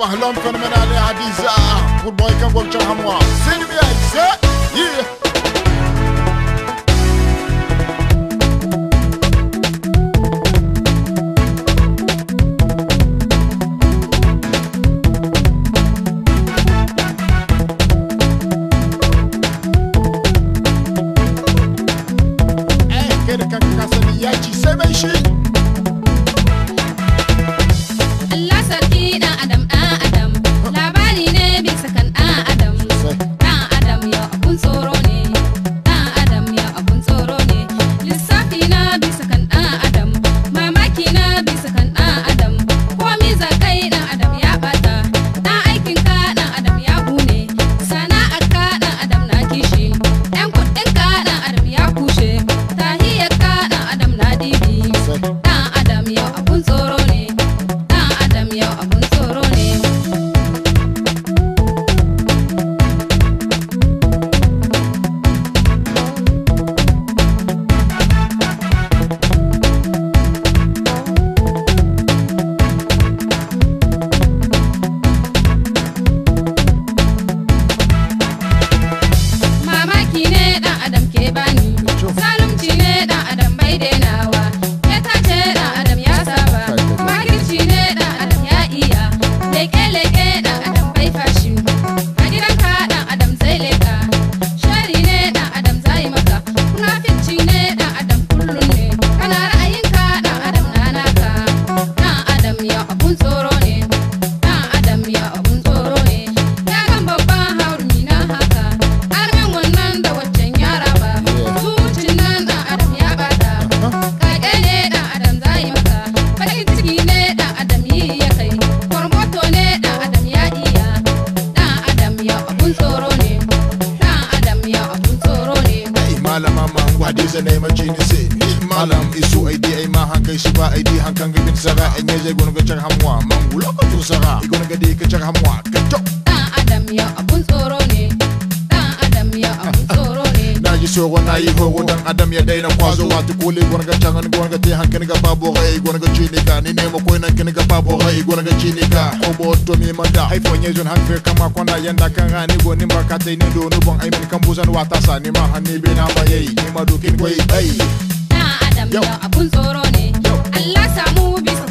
Parlons phénoménal et à 10 heures. Pour boy, comme bon, chum, moi. C'est lui, c'est. zai na mace ni sai malam isu aidi ai ma hankai shi ba aidi hankan gabin sara in yaje gona ga char hamwa man gulo ka tusara gona ga dai ka char hamwa ka to isogo na ihogo dan adam ya daina kwazo wati kuli gona ga changan gona ga te hankan babo ga gona ga chini ka ni ne babo ga gona ga chini ka ko bo to mi manda ai fo nyejon yanda kan ga ni go ni ba ka te ni do no bon ai min kan buzan wata sa adam ya abun tsoro ne Allah samu bisa